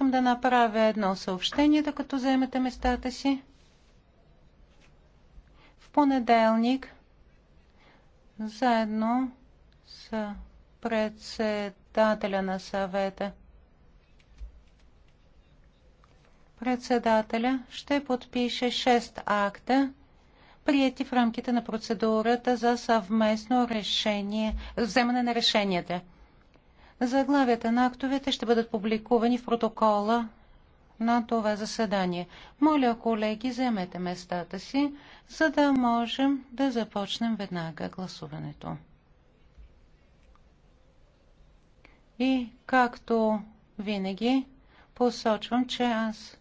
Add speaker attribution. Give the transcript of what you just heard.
Speaker 1: искам да направя едно съобщение, докато вземете местата си. В понеделник, заедно с председателя на съвета, председателя ще подпише 6 акта, прияти в рамките на процедурата за съвместно решение, вземане на решенията. Заглавията на актовете ще бъдат публикувани в протокола на това заседание. Моля, колеги, заемете местата си, за да можем да започнем веднага гласуването. И както винаги
Speaker 2: посочвам, че аз